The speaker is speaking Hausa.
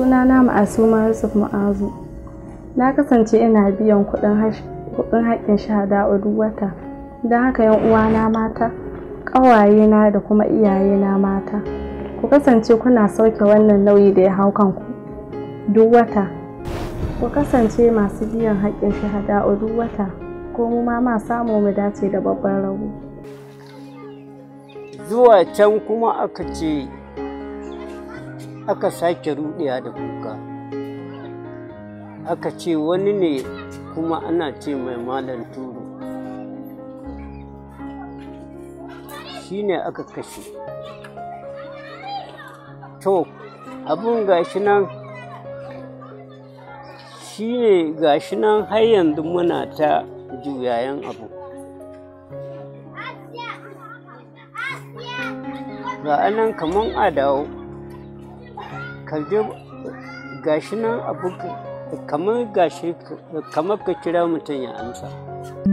sunana ma'asuma yusuf ma'azu na kasance ina biyan kuɗin haƙƙin shahada a duk wata don haka yan uwana mata ƙawayena da kuma iyayena mata ku kasance kuna sauke wannan nauyi da ya hau kanku duk wata ku kasance masu biyan haƙin shahada a duk wata ko mu ma ma samu mu dace da babban rabu zuwa can kuma aka ce aka sake ruɗewa da kuka aka ce wani ne kuma ana ce mai malam turu shi ne aka kashe to abin gashi nan shi ne gashi nan har yanzu muna ta juyayen abu ga anan kaman a kalje gashi nan abu kamar gashi kamar ka kira mutum ya amsa